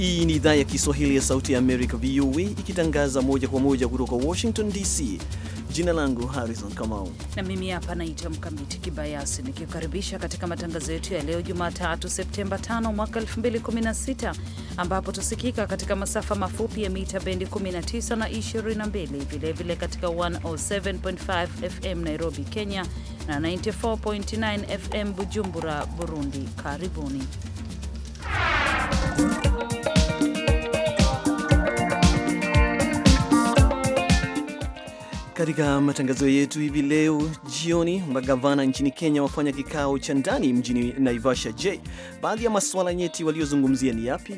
Hii ni idhaa ya Kiswahili ya Sauti ya Amerika, VOA, ikitangaza moja kwa moja kutoka Washington DC. Jina langu Harrison Kamau, na mimi hapa naitwa Mkamiti Kibayasi, nikikaribisha katika matangazo yetu ya leo Jumatatu Septemba 5 mwaka 2016, ambapo tusikika katika masafa mafupi ya mita bendi 19 na 22, vilevile katika 107.5 FM Nairobi, Kenya na 94.9 FM Bujumbura, Burundi. Karibuni. Katika matangazo yetu hivi leo jioni, magavana nchini Kenya wafanya kikao cha ndani mjini Naivasha. Je, baadhi ya masuala nyeti waliozungumzia ni yapi?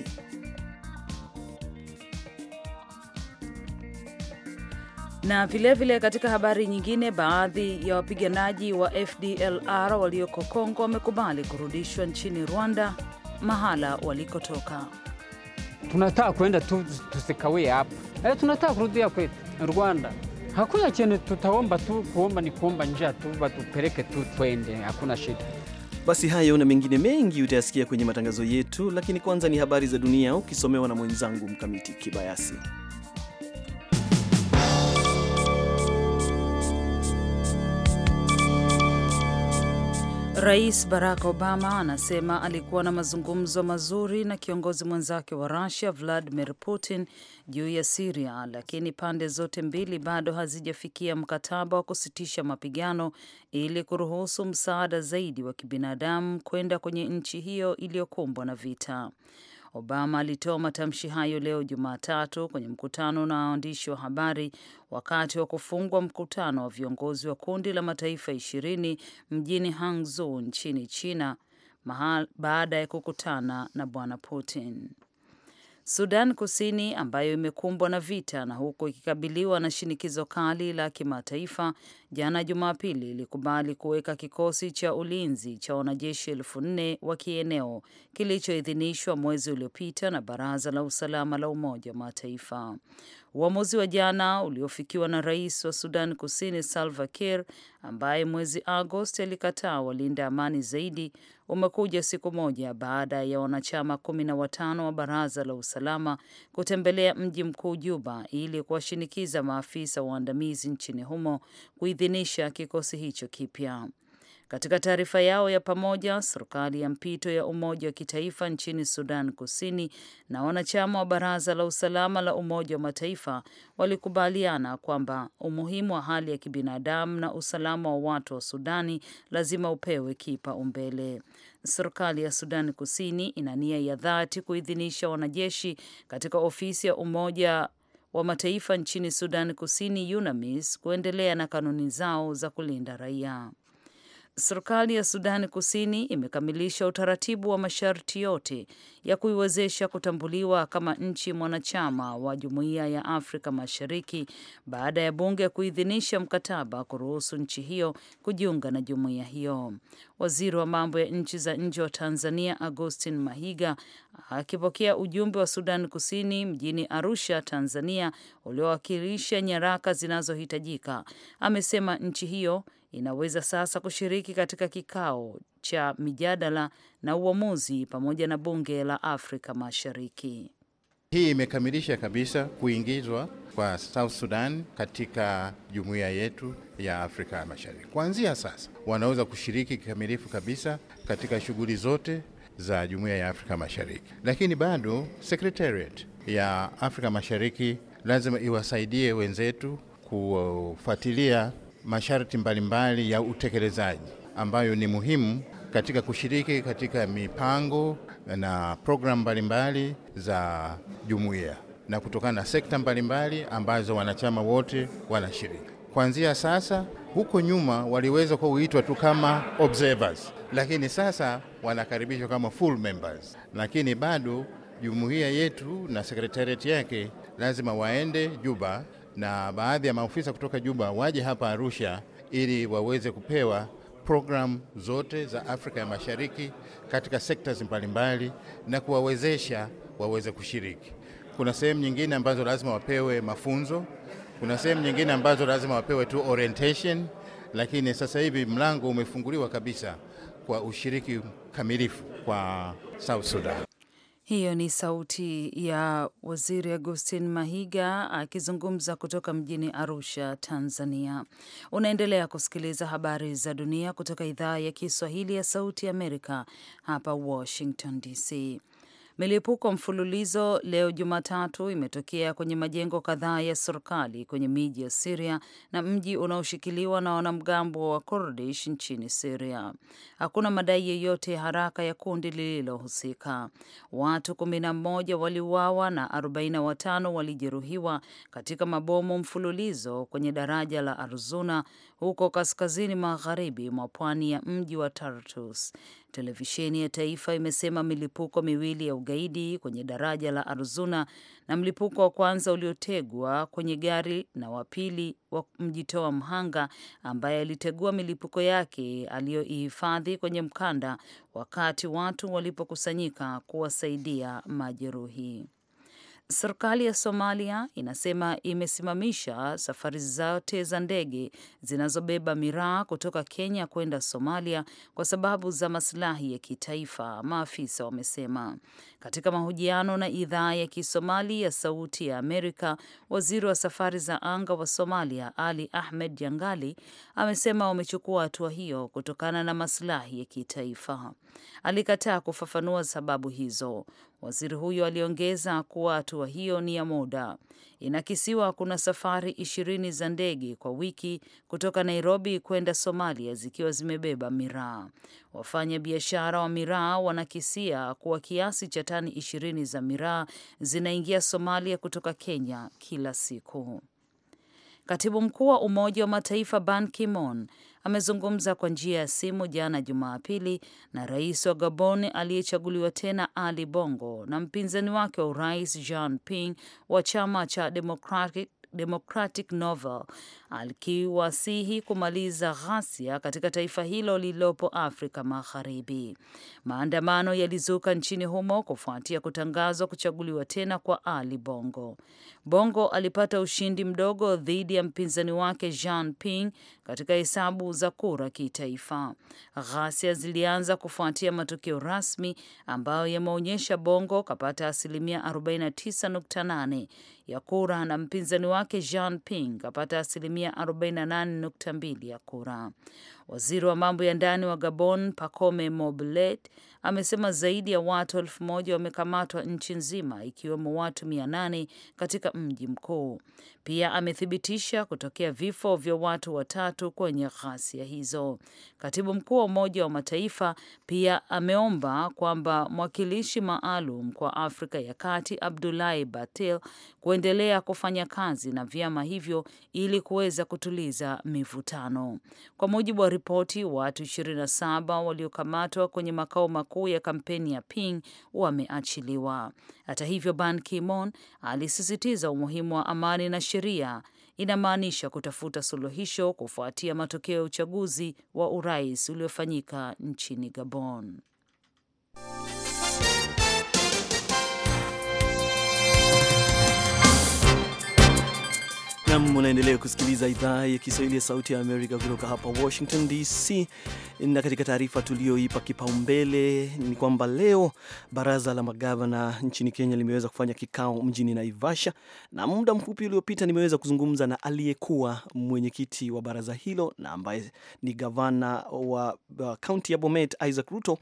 Na vilevile vile katika habari nyingine, baadhi ya wapiganaji wa FDLR walioko Kongo wamekubali kurudishwa nchini Rwanda, mahala walikotoka. Tunataka kuenda tu, tusikawie hapa, eh, tunataka kurudia kwetu Rwanda. Hakuna chenye tutaomba tu, kuomba ni kuomba njia tu, batupeleke tu twende, hakuna shida. Basi hayo na mengine mengi utayasikia kwenye matangazo yetu, lakini kwanza ni habari za dunia ukisomewa na mwenzangu Mkamiti Kibayasi. Rais Barack Obama anasema alikuwa na mazungumzo mazuri na kiongozi mwenzake wa Rusia Vladimir Putin juu ya Siria, lakini pande zote mbili bado hazijafikia mkataba wa kusitisha mapigano ili kuruhusu msaada zaidi wa kibinadamu kwenda kwenye nchi hiyo iliyokumbwa na vita. Obama alitoa matamshi hayo leo Jumatatu kwenye mkutano na waandishi wa habari wakati wa kufungwa mkutano wa viongozi wa kundi la mataifa ishirini mjini Hangzhou nchini China, baada ya kukutana na Bwana Putin. Sudan Kusini ambayo imekumbwa na vita na huku ikikabiliwa na shinikizo kali la kimataifa, jana Jumapili ilikubali kuweka kikosi cha ulinzi cha wanajeshi elfu nne wa kieneo kilichoidhinishwa mwezi uliopita na Baraza la Usalama la Umoja wa Mataifa. Uamuzi wa jana uliofikiwa na rais wa Sudan Kusini Salva Kiir, ambaye mwezi Agosti alikataa walinda amani zaidi, umekuja siku moja baada ya wanachama kumi na watano wa Baraza la Usalama kutembelea mji mkuu Juba ili kuwashinikiza maafisa waandamizi nchini humo kuidhinisha kikosi hicho kipya. Katika taarifa yao ya pamoja, serikali ya mpito ya umoja wa kitaifa nchini Sudan Kusini na wanachama wa Baraza la Usalama la Umoja wa Mataifa walikubaliana kwamba umuhimu wa hali ya kibinadamu na usalama wa watu wa Sudani lazima upewe kipaumbele. Serikali ya Sudan Kusini ina nia ya dhati kuidhinisha wanajeshi katika ofisi ya Umoja wa Mataifa nchini Sudan Kusini, UNAMIS, kuendelea na kanuni zao za kulinda raia. Serikali ya Sudani Kusini imekamilisha utaratibu wa masharti yote ya kuiwezesha kutambuliwa kama nchi mwanachama wa Jumuiya ya Afrika Mashariki baada ya bunge kuidhinisha mkataba kuruhusu nchi hiyo kujiunga na jumuiya hiyo. Waziri wa mambo ya nchi za nje wa Tanzania Augustin Mahiga akipokea ujumbe wa Sudan Kusini mjini Arusha, Tanzania, uliowakilisha nyaraka zinazohitajika amesema nchi hiyo inaweza sasa kushiriki katika kikao cha mijadala na uamuzi pamoja na bunge la Afrika Mashariki. Hii imekamilisha kabisa kuingizwa kwa South Sudan katika jumuiya yetu ya Afrika ya Mashariki. Kuanzia sasa wanaweza kushiriki kikamilifu kabisa katika shughuli zote za jumuiya ya Afrika Mashariki, lakini bado Secretariat ya Afrika Mashariki lazima iwasaidie wenzetu kufuatilia masharti mbalimbali ya utekelezaji ambayo ni muhimu katika kushiriki katika mipango na programu mbalimbali za jumuiya na kutokana na sekta mbalimbali ambazo wanachama wote wanashiriki. Kuanzia sasa, huko nyuma waliweza huitwa tu kama observers, lakini sasa wanakaribishwa kama full members, lakini bado jumuiya yetu na sekretariati yake lazima waende Juba na baadhi ya maofisa kutoka Juba waje hapa Arusha ili waweze kupewa programu zote za Afrika ya Mashariki katika sekta mbalimbali na kuwawezesha waweze kushiriki. Kuna sehemu nyingine ambazo lazima wapewe mafunzo, kuna sehemu nyingine ambazo lazima wapewe tu orientation, lakini sasa hivi mlango umefunguliwa kabisa kwa ushiriki kamilifu kwa South Sudan. Hiyo ni sauti ya Waziri Augustin Mahiga akizungumza kutoka mjini Arusha, Tanzania. Unaendelea kusikiliza habari za dunia kutoka idhaa ya Kiswahili ya Sauti ya Amerika hapa Washington DC. Milipuko mfululizo leo Jumatatu imetokea kwenye majengo kadhaa ya serikali kwenye miji ya Siria na mji unaoshikiliwa na wanamgambo wa Kurdish nchini Siria. Hakuna madai yeyote ya haraka ya kundi lililohusika. Watu kumi na mmoja waliuawa na 45 walijeruhiwa katika mabomu mfululizo kwenye daraja la Arzuna huko kaskazini magharibi mwa pwani ya mji wa Tartus. Televisheni ya taifa imesema milipuko miwili ya ugaidi kwenye daraja la arzuna na mlipuko wa kwanza uliotegwa kwenye gari na wa pili wa mjitoa mhanga ambaye alitegua milipuko yake aliyoihifadhi kwenye mkanda wakati watu walipokusanyika kuwasaidia majeruhi. Serikali ya Somalia inasema imesimamisha safari zote za ndege zinazobeba miraa kutoka Kenya kwenda Somalia kwa sababu za masilahi ya kitaifa, maafisa wamesema. Katika mahojiano na idhaa ya Kisomali ya Sauti ya Amerika, waziri wa safari za anga wa Somalia Ali Ahmed Jangali amesema wamechukua hatua hiyo kutokana na masilahi ya kitaifa. Alikataa kufafanua sababu hizo. Waziri huyo aliongeza kuwa hatua hiyo ni ya muda. Inakisiwa kuna safari ishirini za ndege kwa wiki kutoka Nairobi kwenda Somalia zikiwa zimebeba miraa. Wafanya biashara wa miraa wanakisia kuwa kiasi cha tani ishirini za miraa zinaingia Somalia kutoka Kenya kila siku. Katibu mkuu wa Umoja wa Mataifa Ban Ki-moon amezungumza kwa njia ya simu jana Jumapili na rais wa Gabon aliyechaguliwa tena Ali Bongo na mpinzani wake wa urais Jean Ping wa chama cha Democratic Democratic Novel akiwasihi kumaliza ghasia katika taifa hilo lililopo Afrika Magharibi. Maandamano yalizuka nchini humo kufuatia kutangazwa kuchaguliwa tena kwa Ali Bongo. Bongo alipata ushindi mdogo dhidi ya mpinzani wake Jean Ping katika hesabu za kura kitaifa. Ghasia zilianza kufuatia matokeo rasmi ambayo yameonyesha Bongo kapata asilimia 49.8 ya kura na mpinzani wake Jean Ping kapata asilimia asilimia 48.2 ya kura. Waziri wa mambo ya ndani wa Gabon, Pacome moblet amesema zaidi ya watu elfu moja wamekamatwa nchi nzima ikiwemo watu mia nane katika mji mkuu. Pia amethibitisha kutokea vifo vya watu watatu kwenye ghasia hizo. Katibu mkuu wa Umoja wa Mataifa pia ameomba kwamba mwakilishi maalum kwa Afrika ya Kati Abdulahi Batil kuendelea kufanya kazi na vyama hivyo ili kuweza kutuliza mivutano. Kwa mujibu wa waripoti watu 27 waliokamatwa kwenye makao makuu ya kampeni ya Ping wameachiliwa. Hata hivyo, Ban Ki-moon alisisitiza umuhimu wa amani na sheria inamaanisha kutafuta suluhisho kufuatia matokeo ya uchaguzi wa urais uliofanyika nchini Gabon. nam unaendelea kusikiliza idhaa ya Kiswahili ya Sauti ya Amerika kutoka hapa Washington DC. Na katika taarifa tuliyoipa kipaumbele ni kwamba leo baraza la magavana nchini Kenya limeweza kufanya kikao mjini Naivasha, na muda mfupi uliopita nimeweza kuzungumza na aliyekuwa mwenyekiti wa baraza hilo na ambaye ni gavana wa kaunti ya Bomet, Isaac Ruto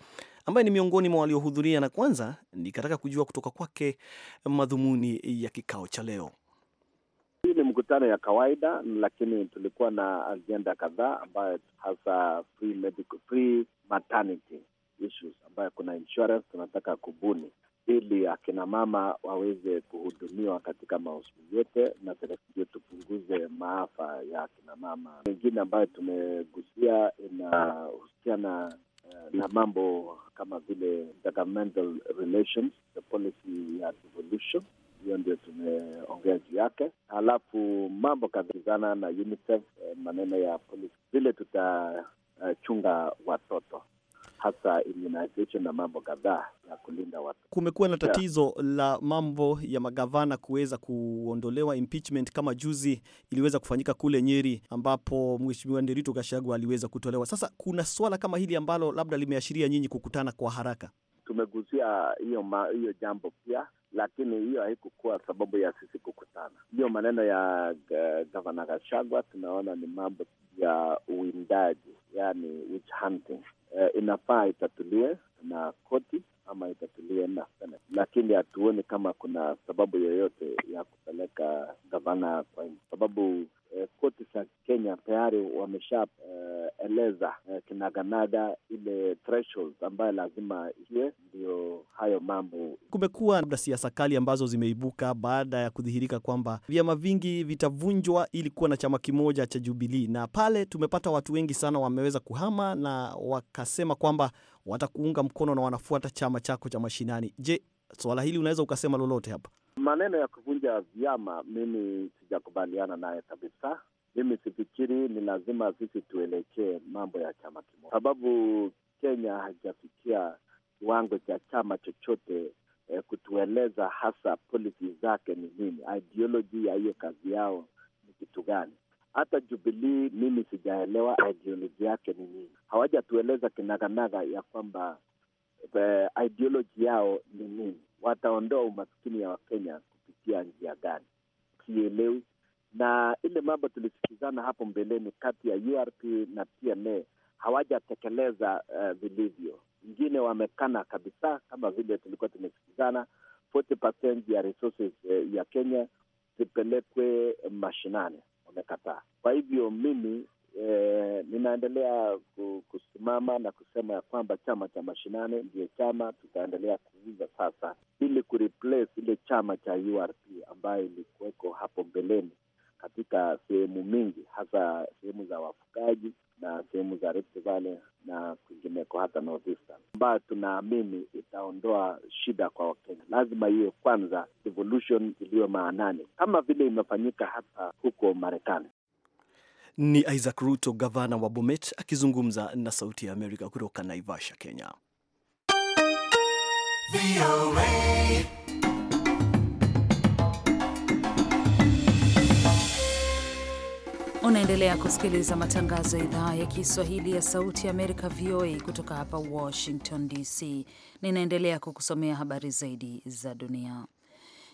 ambaye ni miongoni mwa waliohudhuria, na kwanza nikataka kujua kutoka kwake madhumuni ya kikao cha leo. Hii ni mkutano ya kawaida, lakini tulikuwa na ajenda kadhaa ambayo hasa free medical, free maternity issues ambayo kuna insurance tunataka kubuni ili akina mama waweze kuhudumiwa katika mahospitali yote, na serikali tupunguze maafa ya akina mama. Mengine ambayo tumegusia inahusiana uh, na mambo kama vile governmental relations, the policy ya devolution hiyo ndio tumeongea juu yake. Halafu mambo kadhizana na UNICEF, eh, maneno ya polisi, vile tutachunga eh, watoto hasa immunization na mambo kadhaa ya kulinda watu. Kumekuwa na tatizo yeah, la mambo ya magavana kuweza kuondolewa impeachment, kama juzi iliweza kufanyika kule Nyeri ambapo Mheshimiwa Nderitu gashagu aliweza kutolewa. Sasa kuna swala kama hili ambalo labda limeashiria nyinyi kukutana kwa haraka tumegusia hiyo hiyo jambo pia, lakini hiyo haikukuwa sababu ya sisi kukutana. Hiyo maneno ya eh, gavana gashagwa tunaona ni mambo ya uwindaji, yani witch hunting. Eh, inafaa itatulie na koti ama itatulie na Senate, lakini hatuoni kama kuna sababu yoyote ya kupeleka gavana kwa sababu e, koti za Kenya tayari wamesha kueleza eh, kinaganaga ile threshold ambayo lazima iwe, ndio hayo mambo. Kumekuwa labda siasa kali ambazo zimeibuka baada ya kudhihirika kwamba vyama vingi vitavunjwa ili kuwa na chama kimoja cha Jubilii, na pale tumepata watu wengi sana wameweza kuhama na wakasema kwamba watakuunga mkono na wanafuata chama chako cha mashinani. Je, swala hili unaweza ukasema lolote hapa? Maneno ya kuvunja vyama mimi sijakubaliana naye kabisa, mimi sifikiri ni lazima sisi tuelekee mambo ya chama kimoja, sababu Kenya haijafikia kiwango cha chama chochote eh, kutueleza hasa polisi zake ni nini, ideoloji ya hiyo kazi yao ni kitu gani. Hata Jubilii mimi sijaelewa ideoloji yake ni nini. Hawajatueleza kinaganaga ya kwamba eh, ideoloji yao ni nini, wataondoa umaskini ya Wakenya kupitia njia gani? Sielewi na ile mambo tulisikizana hapo mbeleni kati ya URP na TNA hawajatekeleza eh, vilivyo. wengine wamekana kabisa, kama vile tulikuwa tumesikizana 40% ya resources uh, ya Kenya zipelekwe mashinani, wamekataa. Kwa hivyo mimi eh, ninaendelea kusimama na kusema ya kwamba chama cha mashinani ndiyo chama tutaendelea kuuza sasa, ili kureplace ile chama cha URP ambayo ilikuweko hapo mbeleni katika sehemu mingi, hasa sehemu za wafugaji na sehemu za Rift Valley na kwingineko, hata Northeastern ambayo tunaamini itaondoa shida kwa Wakenya. Lazima hiyo kwanza devolution iliyo maanani kama vile imefanyika hata huko Marekani. Ni Isaac Ruto, gavana wa Bomet, akizungumza na Sauti ya Amerika kutoka Naivasha, Kenya. Unaendelea kusikiliza matangazo ya idhaa ya Kiswahili ya Sauti ya Amerika, VOA, kutoka hapa Washington DC. Ninaendelea kukusomea habari zaidi za dunia.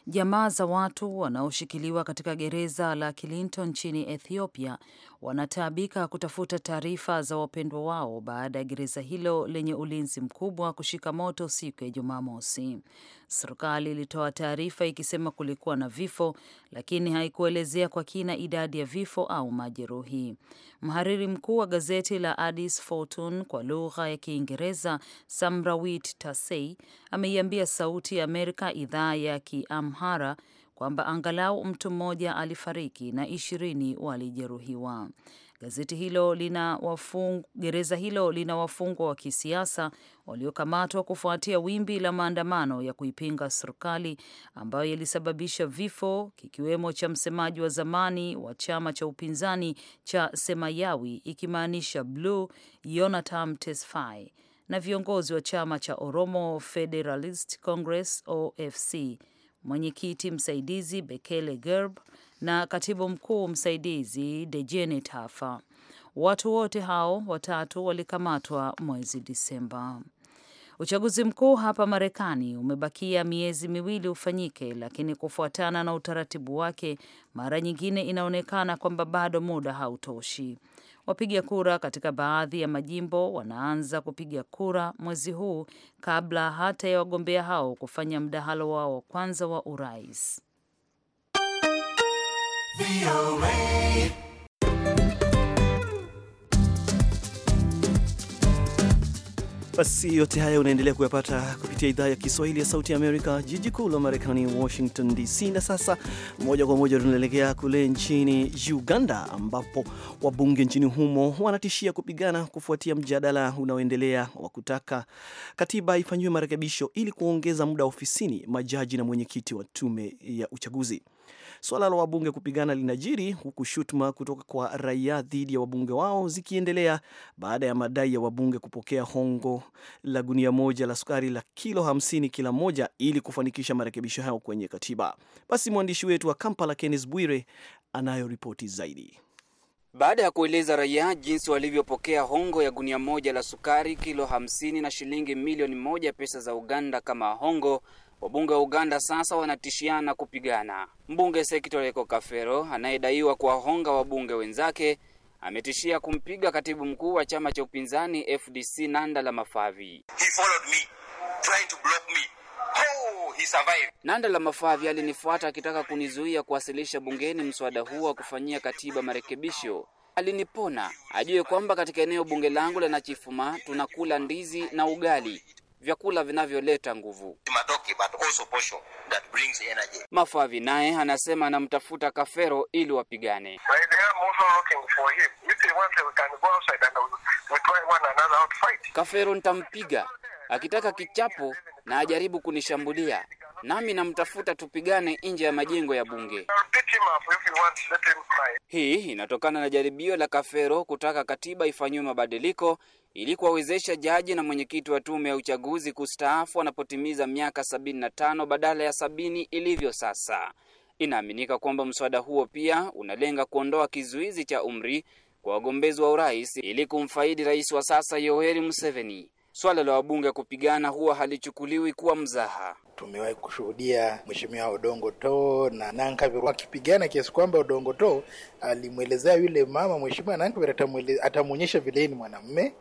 Jamaa za watu wanaoshikiliwa katika gereza la Kilinto nchini Ethiopia wanataabika kutafuta taarifa za wapendwa wao baada ya gereza hilo lenye ulinzi mkubwa kushika moto siku ya Jumamosi. Serikali ilitoa taarifa ikisema kulikuwa na vifo, lakini haikuelezea kwa kina idadi ya vifo au majeruhi. Mhariri mkuu wa gazeti la Addis Fortune kwa lugha ya Kiingereza, Samrawit Tasei, ameiambia Sauti ya Amerika idhaa ya Kiamhara kwamba angalau mtu mmoja alifariki na ishirini walijeruhiwa. Gazeti hilo lina wafung, gereza hilo lina wafungwa wa kisiasa waliokamatwa kufuatia wimbi la maandamano ya kuipinga serikali ambayo yalisababisha vifo kikiwemo cha msemaji wa zamani wa chama cha upinzani cha Semayawi ikimaanisha Blue, Yonatan Tesfaye na viongozi wa chama cha Oromo Federalist Congress OFC mwenyekiti msaidizi Bekele Gerb na katibu mkuu msaidizi Dejene Tafa. Watu wote hao watatu walikamatwa mwezi Disemba. Uchaguzi mkuu hapa Marekani umebakia miezi miwili ufanyike, lakini kufuatana na utaratibu wake, mara nyingine inaonekana kwamba bado muda hautoshi. Wapiga kura katika baadhi ya majimbo wanaanza kupiga kura mwezi huu kabla hata ya wagombea hao kufanya mdahalo wao wa kwanza wa urais. Basi yote haya unaendelea kuyapata kupitia idhaa ya Kiswahili ya Sauti ya Amerika, jiji kuu la Marekani, Washington DC. Na sasa moja kwa moja tunaelekea kule nchini Uganda, ambapo wabunge nchini humo wanatishia kupigana kufuatia mjadala unaoendelea wa kutaka katiba ifanyiwe marekebisho ili kuongeza muda ofisini majaji na mwenyekiti wa tume ya uchaguzi. Suala la wabunge kupigana linajiri huku shutuma kutoka kwa raia dhidi ya wabunge wao zikiendelea baada ya madai ya wabunge kupokea hongo la gunia moja la sukari la kilo 50 kila moja ili kufanikisha marekebisho hayo kwenye katiba. Basi mwandishi wetu wa Kampala Kennes Bwire anayo ripoti zaidi. Baada ya kueleza raia jinsi walivyopokea hongo ya gunia moja la sukari kilo 50 na shilingi milioni moja pesa za Uganda kama hongo Wabunge wa Uganda sasa wanatishiana kupigana. Mbunge Sekitoreko Kafero anayedaiwa kuwahonga wabunge wenzake ametishia kumpiga katibu mkuu wa chama cha upinzani FDC Nandala Mafavi. Oh, nanda Nandala Mafavi alinifuata akitaka kunizuia kuwasilisha bungeni mswada huo wa kufanyia katiba marekebisho. Alinipona ajue kwamba katika eneo bunge langu la Nachifuma tunakula ndizi na ugali, vyakula vinavyoleta nguvu. Mafavi naye anasema anamtafuta Kafero ili wapigane. Kafero nitampiga akitaka kichapo na ajaribu kunishambulia, nami namtafuta tupigane nje ya majengo ya bunge. Hii inatokana na jaribio la Kafero kutaka katiba ifanyiwe mabadiliko ili kuwawezesha jaji na mwenyekiti wa tume ya uchaguzi kustaafu wanapotimiza miaka 75 badala ya sabini ilivyo sasa. Inaaminika kwamba mswada huo pia unalenga kuondoa kizuizi cha umri kwa wagombezi wa urais ili kumfaidi rais wa sasa Yoweri Museveni. Swala la wabunge kupigana huwa halichukuliwi kuwa mzaha. Tumewahi kushuhudia mheshimiwa Odongo To na Nankabirwa akipigana kiasi kwamba Odongo To alimwelezea yule mama mheshimiwa Nankabirwa atamwonyesha vile ni mwanamume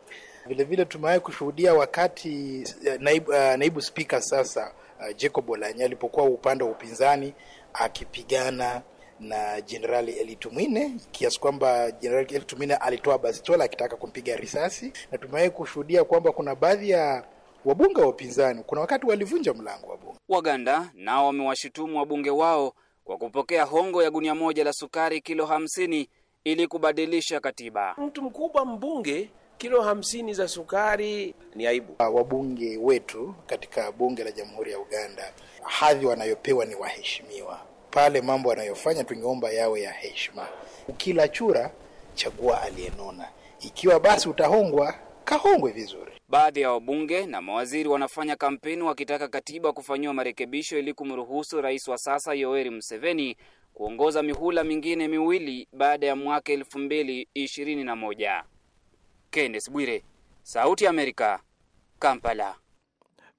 Vilevile tumewahi kushuhudia wakati eh, naibu, eh, naibu spika sasa eh, Jacob Olanya alipokuwa upande wa upinzani akipigana na Jenerali Elitumwine kiasi kwamba Jenerali Elitumwine alitoa bastola akitaka kumpiga risasi, na tumewahi kushuhudia kwamba kuna baadhi ya wabunge wa upinzani kuna wakati walivunja mlango wa bunge. Waganda nao wamewashutumu wabunge wao kwa kupokea hongo ya gunia moja la sukari kilo hamsini ili kubadilisha katiba. Mtu mkubwa mbunge kilo hamsini za sukari ni aibu. Ah, wabunge wetu katika bunge la Jamhuri ya Uganda, hadhi wanayopewa ni waheshimiwa. Pale mambo wanayofanya tungeomba yawe ya heshima. Ukila chura chagua aliyenona, ikiwa basi utahongwa, kahongwe vizuri. Baadhi ya wabunge na mawaziri wanafanya kampeni wakitaka katiba kufanyiwa marekebisho ili kumruhusu rais wa sasa Yoweri Museveni kuongoza mihula mingine miwili baada ya mwaka elfu mbili ishirini na moja. Kenneth Bwire, Sauti ya Amerika, Kampala.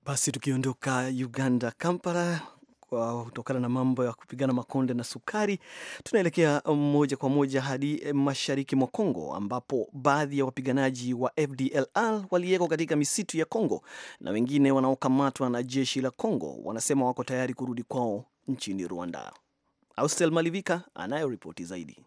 Basi tukiondoka Uganda, Kampala, kwa kutokana na mambo ya kupigana makonde na sukari, tunaelekea moja kwa moja hadi mashariki mwa Kongo ambapo baadhi ya wapiganaji wa FDLR waliyeko katika misitu ya Kongo na wengine wanaokamatwa na jeshi la Kongo wanasema wako tayari kurudi kwao nchini Rwanda. Austel Malivika anayo ripoti zaidi.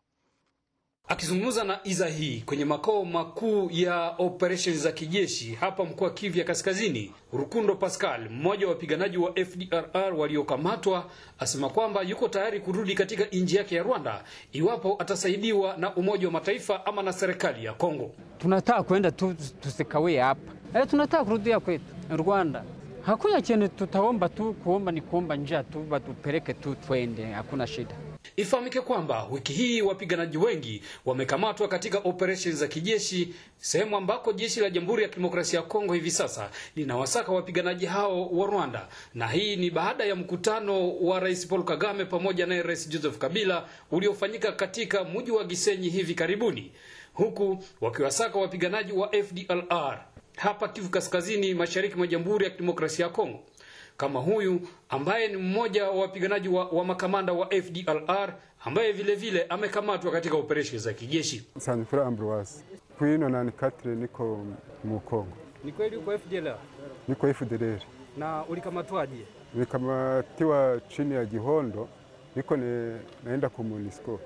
Akizungumza na iza hii kwenye makao makuu ya operesheni za kijeshi hapa mkoa Kivu ya Kaskazini, Rukundo Pascal, mmoja wa wapiganaji wa FDRR waliokamatwa, asema kwamba yuko tayari kurudi katika nchi yake ya Rwanda iwapo atasaidiwa na Umoja wa Mataifa ama na serikali ya Kongo. Tunataka kwenda tu, tusikawie hapa e, tunataka kurudia kwetu Rwanda. Hakuna chenye tutaomba tu, kuomba ni kuomba njia tu, batupeleke tu twende, hakuna shida. Ifahamike kwamba wiki hii wapiganaji wengi wamekamatwa katika operesheni za kijeshi, sehemu ambako jeshi la Jamhuri ya Kidemokrasia ya Kongo hivi sasa linawasaka wapiganaji hao wa Rwanda, na hii ni baada ya mkutano wa Rais Paul Kagame pamoja naye Rais Joseph Kabila uliofanyika katika mji wa Gisenyi hivi karibuni, huku wakiwasaka wapiganaji wa FDLR hapa Kivu Kaskazini, mashariki mwa Jamhuri ya Kidemokrasia ya Kongo kama huyu ambaye ni mmoja wa wapiganaji wa, wa makamanda wa FDLR ambaye vile vile amekamatwa katika operesheni za kijeshi. Sanfra Ambroise kwino na nikatire niko mu Kongo. Ni kweli uko FDLR? Niko FDLR. Na ulikamatwaje? Nikamatiwa chini ya gihondo niko ni, naenda ku MONUSCO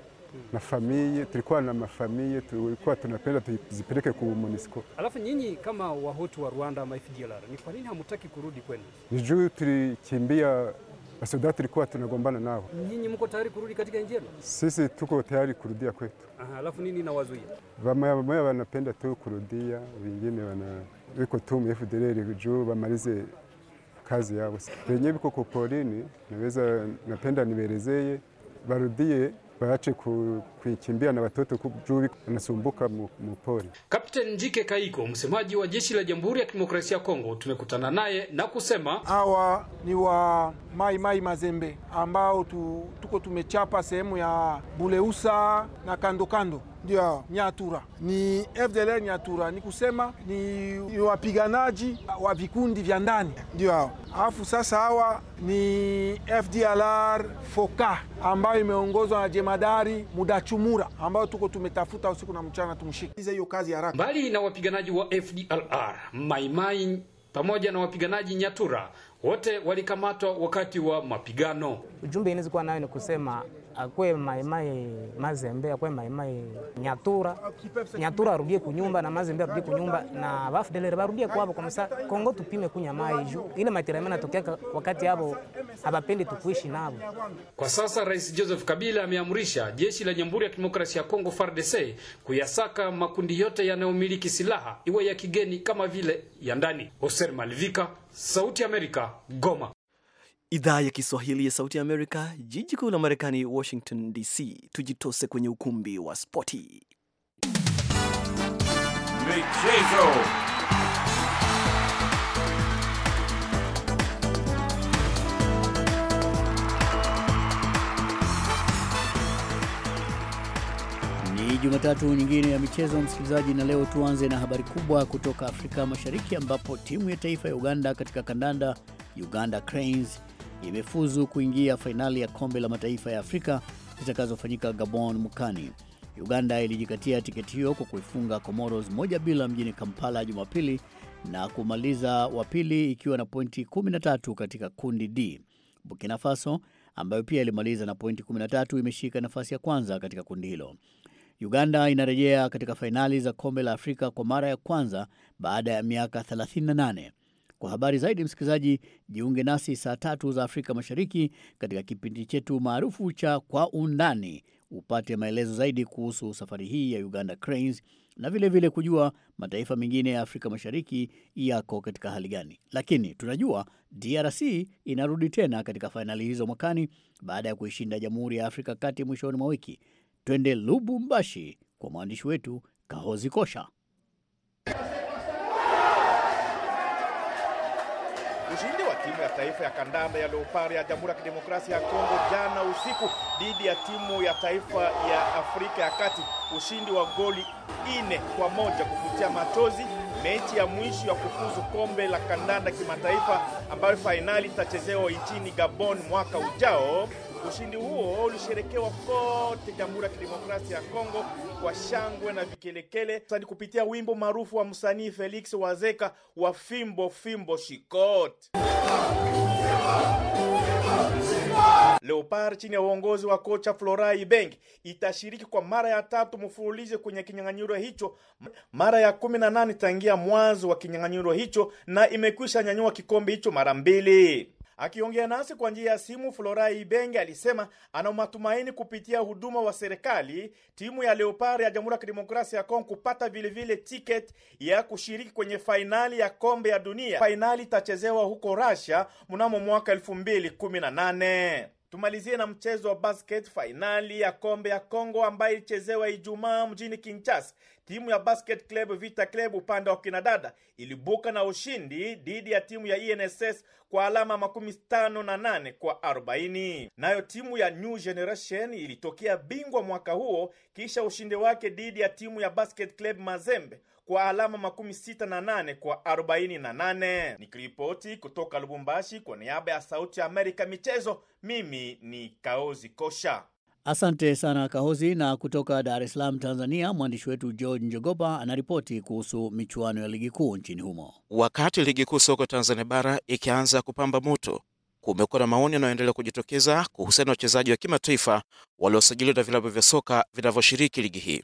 na familia, tulikuwa na mafamilia, tulikuwa tunapenda tuzipeleke ku MONUSCO. Alafu nyinyi kama wahutu wa Rwanda ama FDLR, ni kwa nini hamtaki kurudi kwenu? Juu tulikimbia wasoda tulikuwa tunagombana nao. Nyinyi mko tayari kurudi katika nchi yenu? Sisi tuko tayari kurudia kwetu. Aha, alafu nini inawazuia? Bamaya bamaya wanapenda tu kurudia, wengine wana wiko tu mu FDLR juu bamalize kazi yao. Wenyewe biko porini, naweza napenda niwelezee barudie baache kuikimbia na watoto kujuvi wanasumbuka mupori. Kapteni Njike Kaiko, msemaji wa jeshi la Jamhuri ya Kidemokrasia ya Kongo, tumekutana naye na kusema hawa ni wa Mai Mai Mazembe ambao tu, tuko tumechapa sehemu ya Buleusa na kando kando ndio Nyatura ni FDLR Nyatura, ni kusema ni wapiganaji wa vikundi vya ndani, ndio hao. Alafu sasa hawa ni FDLR Foka ambayo imeongozwa na jemadari Mudachumura, ambayo tuko tumetafuta usiku na mchana tumshike hiyo kazi haraka. Mbali na wapiganaji wa FDLR Maimai pamoja na wapiganaji Nyatura, wote walikamatwa wakati wa mapigano. Ujumbe inaweza kuwa nayo ni kusema akwe maimai mazembe akwe maimai nyatura nyatura arudie kunyumba na mazembe arudie kunyumba na bafudelere barudie kwabo msa kongo tupime kunya maiju ile matirame natokea wakati hapo habapendi tukuishi nabo kwa sasa rais Joseph Kabila ameamrisha jeshi la Jamhuri ya Kidemokrasia ya Kongo FARDC kuyasaka makundi yote yanayomiliki silaha iwe ya kigeni kama vile ya ndani Hoser Malvika sauti Amerika Goma Idhaa ya Kiswahili ya Sauti ya Amerika, jiji kuu la Marekani, Washington DC. Tujitose kwenye ukumbi wa spoti. Michezo ni Jumatatu nyingine ya michezo, msikilizaji, na leo tuanze na habari kubwa kutoka Afrika Mashariki, ambapo timu ya taifa ya Uganda katika kandanda, Uganda Cranes imefuzu kuingia fainali ya kombe la mataifa ya Afrika zitakazofanyika Gabon mkani. Uganda ilijikatia tiketi hiyo kwa kuifunga Comoros moja bila mjini Kampala Jumapili na kumaliza wa pili ikiwa na pointi 13 katika kundi D. Burkina Faso ambayo pia ilimaliza na pointi 13 imeshika nafasi ya kwanza katika kundi hilo. Uganda inarejea katika fainali za kombe la Afrika kwa mara ya kwanza baada ya miaka 38. Kwa habari zaidi, msikilizaji, jiunge nasi saa tatu za Afrika Mashariki katika kipindi chetu maarufu cha Kwa Undani upate maelezo zaidi kuhusu safari hii ya Uganda Cranes na vilevile vile kujua mataifa mengine ya Afrika Mashariki yako katika hali gani. Lakini tunajua DRC inarudi tena katika fainali hizo mwakani baada ya kuishinda Jamhuri ya Afrika Kati mwishoni mwa wiki. Twende Lubumbashi kwa mwandishi wetu Kahozi Kosha. Ushindi wa timu ya taifa ya kandanda ya Leopard ya Jamhuri ya Kidemokrasia ya Kongo jana usiku dhidi ya timu ya taifa ya Afrika ya Kati, ushindi wa goli ine kwa moja kufutia machozi, mechi ya mwisho ya kufuzu kombe la kandanda kimataifa ambayo fainali itachezewa nchini Gabon mwaka ujao. Ushindi huo ulisherekewa kote Jamhuri ya Kidemokrasia ya Kongo kwa shangwe na vikelekele ni kupitia wimbo maarufu wa msanii Felix Wazeka wa fimbo fimbo shikot. Leopard chini ya uongozi wa kocha Flora Ibenge itashiriki kwa mara ya tatu mfululizo kwenye kinyang'anyiro hicho, mara ya kumi na nane tangia mwanzo wa kinyang'anyiro hicho, na imekwisha nyanyua kikombe hicho mara mbili. Akiongea nasi kwa njia ya simu, Florai Ibenge alisema ana matumaini kupitia huduma wa serikali timu ya Leopard ya Jamhuri ya Kidemokrasia ya Kongo kupata vilevile tiketi ya kushiriki kwenye fainali ya kombe ya dunia. Fainali itachezewa huko Russia mnamo mwaka 2018. Tumalizie na mchezo wa basket fainali ya kombe ya Kongo ambayo ilichezewa Ijumaa mjini Kinshasa. Timu ya Basket Club Vita Club upande wa kinadada ilibuka na ushindi dhidi ya timu ya ENSS kwa alama makumi tano na nane kwa 40. Nayo timu ya New Generation ilitokea bingwa mwaka huo kisha ushindi wake dhidi ya timu ya Basket Club Mazembe kwa alama makumi sita na nane kwa arobaini na nane. Nikiripoti kutoka Lubumbashi kwa niaba ya Sauti ya Amerika michezo, mimi ni Kaozi Kosha. Asante sana Kahozi. Na kutoka Dar es Salaam, Tanzania, mwandishi wetu George Njogopa anaripoti kuhusu michuano ya ligi kuu nchini humo. Wakati ligi kuu soka Tanzania bara ikianza kupamba moto, kumekuwa na maoni yanayoendelea kujitokeza kuhusiana na wachezaji wa kimataifa waliosajiliwa na vilabu vya soka vinavyoshiriki ligi hii.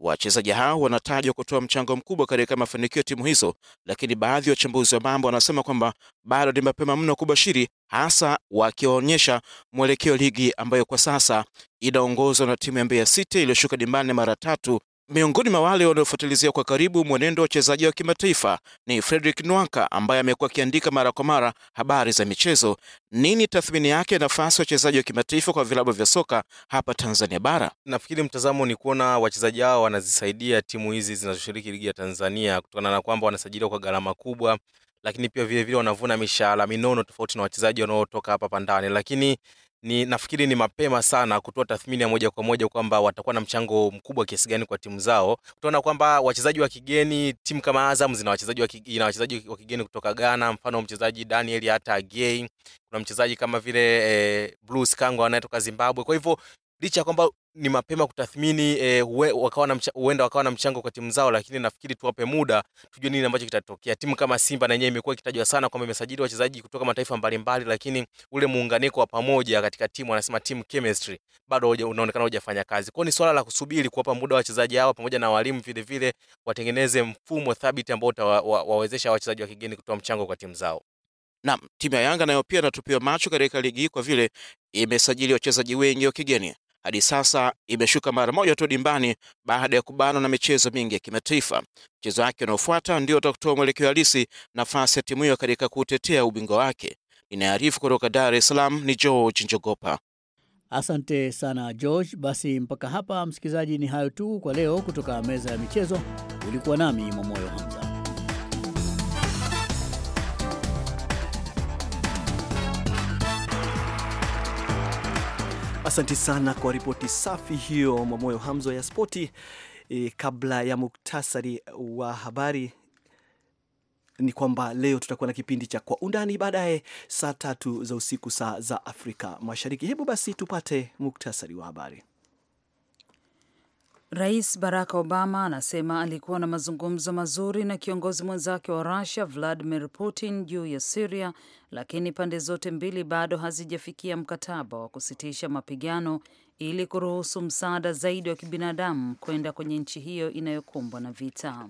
Wachezaji hao wanatajwa kutoa mchango mkubwa katika mafanikio ya timu hizo, lakini baadhi ya wachambuzi wa mambo wanasema kwamba bado ni mapema mno kubashiri, hasa wakiwaonyesha mwelekeo ligi ambayo kwa sasa inaongozwa na timu ya Mbeya City iliyoshuka dimbani mara tatu Miongoni mwa wale wanaofuatilizia kwa karibu mwenendo wa wachezaji wa kimataifa ni Fredrick Nwaka ambaye amekuwa akiandika mara kwa mara habari za michezo. Nini tathmini yake ya nafasi ya wachezaji wa kimataifa kwa vilabu vya soka hapa Tanzania Bara? Nafikiri mtazamo ni kuona wachezaji hao wanazisaidia timu hizi zinazoshiriki ligi ya Tanzania kutokana na kwamba wanasajiliwa kwa gharama kubwa, lakini pia vilevile wanavuna mishahara minono tofauti na wachezaji wanaotoka hapa pandani, lakini ni nafikiri ni mapema sana kutoa tathmini ya moja kwa moja kwamba watakuwa na mchango mkubwa kiasi gani kwa timu zao. Utaona kwamba wachezaji wa kigeni, timu kama Azam zina wachezaji wa kigeni, wachezaji wa kigeni kutoka Ghana, mfano mchezaji Daniel hata gay kuna mchezaji kama vile eh, Bruce Kangwa anayetoka Zimbabwe. Kwa hivyo licha ya kwamba ni mapema kutathmini eh, wakawa na huenda wakawa na mchango kwa timu zao, lakini nafikiri tuwape muda tujue nini ambacho kitatokea. Timu kama Simba na yenyewe imekuwa ikitajwa sana kwamba imesajili wachezaji kutoka mataifa mbalimbali, lakini ule muunganiko wa pamoja katika timu, wanasema team chemistry, bado unaonekana hujafanya kazi. Kwao ni swala la kusubiri kuwapa muda wachezaji hawa pamoja na walimu vile vile watengeneze mfumo thabiti ambao utawawezesha wa, wa, wachezaji wa kigeni kutoa mchango kwa timu zao. Na timu ya Yanga nayo pia inatupiwa macho katika ligi hii kwa vile imesajili wachezaji wengi wa kigeni hadi sasa imeshuka mara moja tu dimbani baada ya kubanwa na michezo mingi ya kimataifa. Mchezo wake unaofuata ndio utakutoa mwelekeo halisi nafasi ya timu hiyo katika kutetea ubingwa wake. Inayoarifu kutoka Dar es Salaam ni George Njogopa. Asante sana George. Basi mpaka hapa, msikilizaji, ni hayo tu kwa leo kutoka meza ya michezo. Ulikuwa nami Mwamoyo Hamza. Asante sana kwa ripoti safi hiyo Mwamoyo Hamzo ya spoti. E, kabla ya muktasari wa habari ni kwamba leo tutakuwa na kipindi cha Kwa Undani baadaye saa tatu za usiku saa za Afrika Mashariki. Hebu basi tupate muktasari wa habari. Rais Barack Obama anasema alikuwa na mazungumzo mazuri na kiongozi mwenzake wa Rusia Vladimir Putin juu ya Siria, lakini pande zote mbili bado hazijafikia mkataba wa kusitisha mapigano ili kuruhusu msaada zaidi wa kibinadamu kwenda kwenye nchi hiyo inayokumbwa na vita.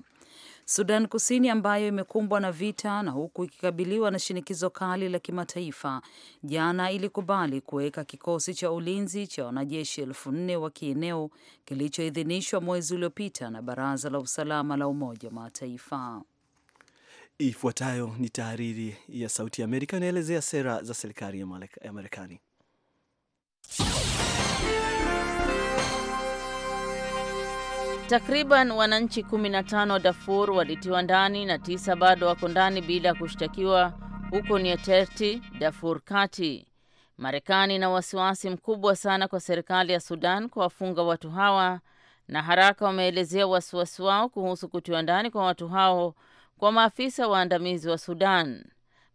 Sudan Kusini ambayo imekumbwa na vita na huku ikikabiliwa na shinikizo kali la kimataifa, jana ilikubali kuweka kikosi cha ulinzi cha wanajeshi elfu nne wa kieneo kilichoidhinishwa mwezi uliopita na Baraza la Usalama la Umoja wa Mataifa. Ifuatayo ni tahariri ya Sauti ya Amerika inaelezea sera za serikali ya Marekani. Takriban wananchi 15 wa Darfur walitiwa ndani na tisa bado wako ndani bila kushtakiwa huko Nieterti, Darfur Kati. Marekani ina wasiwasi mkubwa sana kwa serikali ya Sudan kuwafunga watu hawa, na haraka wameelezea wasiwasi wao kuhusu kutiwa ndani kwa watu hao kwa maafisa waandamizi wa Sudan.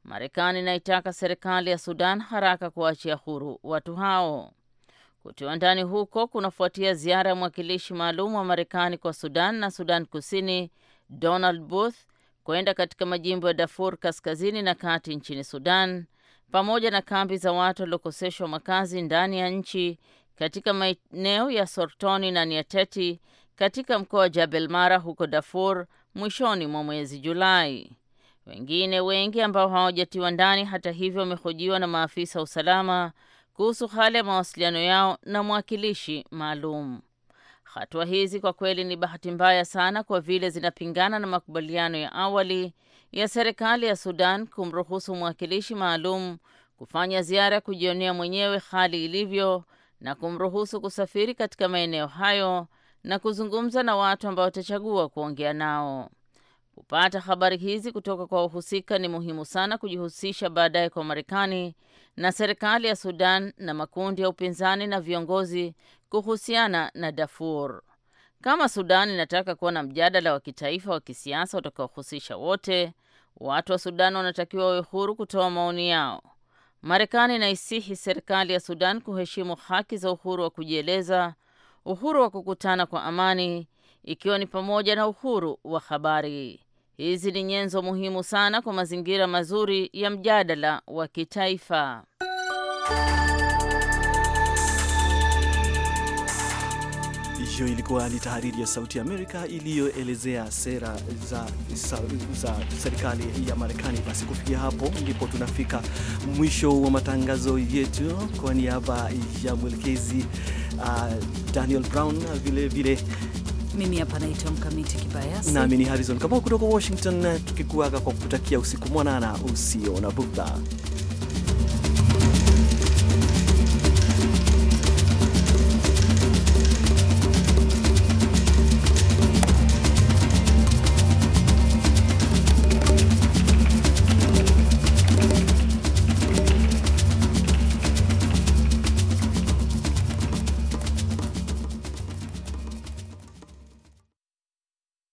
Marekani inaitaka serikali ya Sudan haraka kuachia huru watu hao. Kutiwa ndani huko kunafuatia ziara ya mwakilishi maalum wa Marekani kwa Sudan na Sudan Kusini, Donald Booth, kwenda katika majimbo ya Darfur kaskazini na kati nchini Sudan, pamoja na kambi za watu waliokoseshwa makazi ndani ya nchi katika maeneo ya Sortoni na Niateti katika mkoa wa Jabel Mara huko Darfur mwishoni mwa mwezi Julai. Wengine wengi ambao hawajatiwa ndani, hata hivyo, wamehojiwa na maafisa usalama kuhusu hali ya mawasiliano yao na mwakilishi maalum. Hatua hizi kwa kweli ni bahati mbaya sana, kwa vile zinapingana na makubaliano ya awali ya serikali ya Sudan kumruhusu mwakilishi maalum kufanya ziara ya kujionea mwenyewe hali ilivyo na kumruhusu kusafiri katika maeneo hayo na kuzungumza na watu ambao watachagua kuongea nao. Kupata habari hizi kutoka kwa wahusika ni muhimu sana kujihusisha baadaye kwa Marekani na serikali ya Sudan na makundi ya upinzani na viongozi kuhusiana na Darfur. Kama Sudan inataka kuwa na mjadala wa kitaifa wa kisiasa utakaohusisha wote, watu wa Sudan wanatakiwa wawe huru kutoa maoni yao. Marekani inaisihi serikali ya Sudan kuheshimu haki za uhuru wa kujieleza, uhuru wa kukutana kwa amani, ikiwa ni pamoja na uhuru wa habari. Hizi ni nyenzo muhimu sana kwa mazingira mazuri ya mjadala wa kitaifa. Hiyo ilikuwa ni tahariri ya Sauti ya Amerika iliyoelezea sera za, za, za serikali ya Marekani. Basi kufikia hapo ndipo tunafika mwisho wa matangazo yetu. Kwa niaba ya mwelekezi uh, Daniel Brown vilevile vile, mimi hapa naitwa Mkamiti Kibayasi nami ni Harrison Kamau kutoka Washington, tukikuaga kwa kutakia usiku mwanana usio na bughudha.